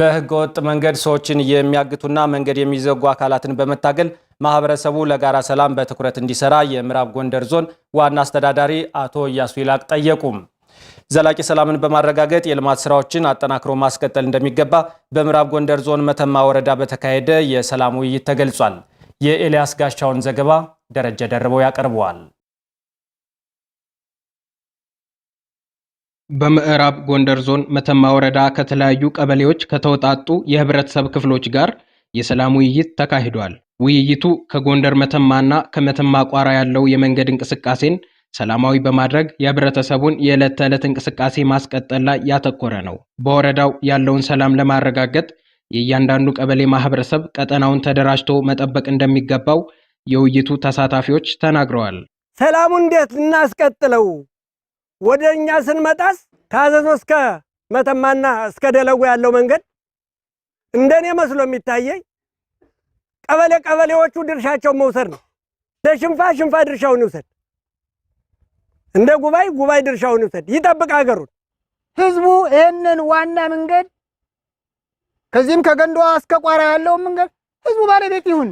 በህገወጥ መንገድ ሰዎችን የሚያግቱና መንገድ የሚዘጉ አካላትን በመታገል ማህበረሰቡ ለጋራ ሰላም በትኩረት እንዲሰራ የምዕራብ ጎንደር ዞን ዋና አስተዳዳሪ አቶ እያሱ ይላቅ ጠየቁ። ዘላቂ ሰላምን በማረጋገጥ የልማት ስራዎችን አጠናክሮ ማስቀጠል እንደሚገባ በምዕራብ ጎንደር ዞን መተማ ወረዳ በተካሄደ የሰላም ውይይት ተገልጿል። የኤልያስ ጋሻውን ዘገባ ደረጀ ደርበው ያቀርበዋል። በምዕራብ ጎንደር ዞን መተማ ወረዳ ከተለያዩ ቀበሌዎች ከተውጣጡ የህብረተሰብ ክፍሎች ጋር የሰላም ውይይት ተካሂዷል። ውይይቱ ከጎንደር መተማና ከመተማ ቋራ ያለው የመንገድ እንቅስቃሴን ሰላማዊ በማድረግ የህብረተሰቡን የዕለት ተዕለት እንቅስቃሴ ማስቀጠል ላይ ያተኮረ ነው። በወረዳው ያለውን ሰላም ለማረጋገጥ የእያንዳንዱ ቀበሌ ማህበረሰብ ቀጠናውን ተደራጅቶ መጠበቅ እንደሚገባው የውይይቱ ተሳታፊዎች ተናግረዋል። ሰላሙ እንዴት እናስቀጥለው ወደ እኛ ስንመጣስ ከአዘዞ እስከ መተማና እስከ ደለጎ ያለው መንገድ እንደኔ መስሎ የሚታየኝ ቀበሌ ቀበሌዎቹ ድርሻቸውን መውሰድ ነው። እንደ ሽንፋ ሽንፋ ድርሻውን ይውሰድ፣ እንደ ጉባኤ ጉባኤ ድርሻውን ይውሰድ። ይጠብቅ ሀገሩን፣ ህዝቡ ይህንን ዋና መንገድ ከዚህም ከገንዷ እስከ ቋራ ያለውን መንገድ ህዝቡ ባለቤት ይሁን።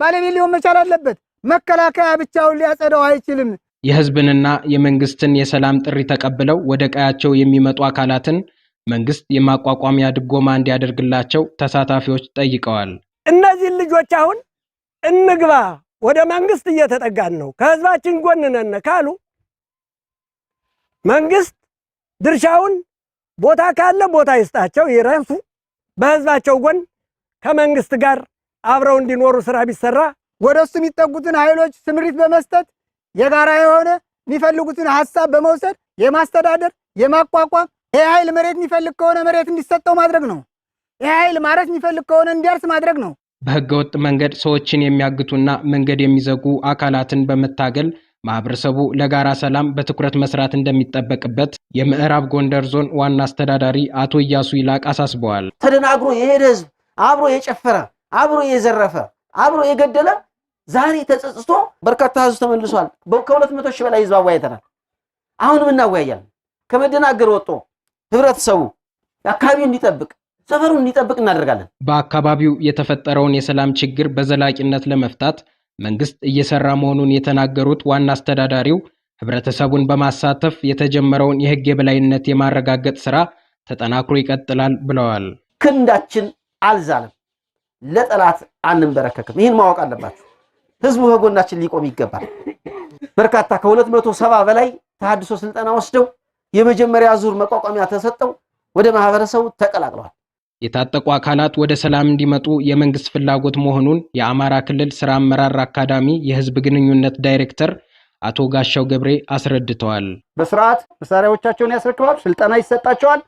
ባለቤት ሊሆን መቻል አለበት። መከላከያ ብቻውን ሊያጸዳው አይችልም። የህዝብንና የመንግስትን የሰላም ጥሪ ተቀብለው ወደ ቀያቸው የሚመጡ አካላትን መንግስት የማቋቋሚያ ድጎማ እንዲያደርግላቸው ተሳታፊዎች ጠይቀዋል። እነዚህን ልጆች አሁን እንግባ፣ ወደ መንግስት እየተጠጋን ነው፣ ከህዝባችን ጎን ካሉ መንግስት ድርሻውን ቦታ ካለ ቦታ ይስጣቸው፣ ይረሱ፣ በህዝባቸው ጎን ከመንግስት ጋር አብረው እንዲኖሩ ስራ ቢሰራ ወደ እሱ የሚጠጉትን ኃይሎች ስምሪት በመስጠት የጋራ የሆነ የሚፈልጉትን ሀሳብ በመውሰድ የማስተዳደር የማቋቋም ይህ ኃይል መሬት የሚፈልግ ከሆነ መሬት እንዲሰጠው ማድረግ ነው። ይህ ኃይል ማረስ የሚፈልግ ከሆነ እንዲያርስ ማድረግ ነው። በህገወጥ መንገድ ሰዎችን የሚያግቱና መንገድ የሚዘጉ አካላትን በመታገል ማህበረሰቡ ለጋራ ሰላም በትኩረት መስራት እንደሚጠበቅበት የምዕራብ ጎንደር ዞን ዋና አስተዳዳሪ አቶ እያሱ ይላቅ አሳስበዋል። ተደናግሮ የሄደ ህዝብ አብሮ የጨፈረ አብሮ የዘረፈ አብሮ የገደለ ዛሬ ተጸጽቶ በርካታ ህዝብ ተመልሷል። ከሁለት መቶ ሺህ በላይ ህዝብ አወያይተናል። አሁንም እናወያያለን። ከመደናገር ወጥቶ ህብረተሰቡ አካባቢው እንዲጠብቅ ሰፈሩን እንዲጠብቅ እናደርጋለን። በአካባቢው የተፈጠረውን የሰላም ችግር በዘላቂነት ለመፍታት መንግስት እየሰራ መሆኑን የተናገሩት ዋና አስተዳዳሪው ህብረተሰቡን በማሳተፍ የተጀመረውን የህግ የበላይነት የማረጋገጥ ስራ ተጠናክሮ ይቀጥላል ብለዋል። ክንዳችን አልዛለም፣ ለጠላት አንንበረከክም። ይህን ማወቅ አለባቸው። ህዝቡ በጎናችን ሊቆም ይገባል። በርካታ ከሁለት መቶ ሰባ በላይ ተሐድሶ ስልጠና ወስደው የመጀመሪያ ዙር መቋቋሚያ ተሰጠው ወደ ማህበረሰቡ ተቀላቅለዋል። የታጠቁ አካላት ወደ ሰላም እንዲመጡ የመንግስት ፍላጎት መሆኑን የአማራ ክልል ስራ አመራር አካዳሚ የህዝብ ግንኙነት ዳይሬክተር አቶ ጋሻው ገብሬ አስረድተዋል። በስርዓት መሳሪያዎቻቸውን ያስረክባሉ። ስልጠና ይሰጣቸዋል።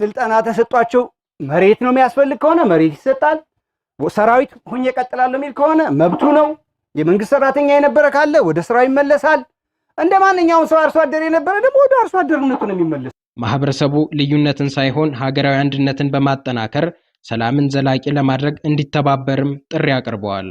ስልጠና ተሰጧቸው መሬት ነው የሚያስፈልግ ከሆነ መሬት ይሰጣል። ሰራዊት ሆኜ እቀጥላለሁ የሚል ከሆነ መብቱ ነው። የመንግስት ሰራተኛ የነበረ ካለ ወደ ስራው ይመለሳል። እንደ ማንኛውም ሰው አርሶ አደር የነበረ ደግሞ ወደ አርሶ አደርነቱ ነው የሚመለስ። ማህበረሰቡ ልዩነትን ሳይሆን ሀገራዊ አንድነትን በማጠናከር ሰላምን ዘላቂ ለማድረግ እንዲተባበርም ጥሪ አቅርበዋል።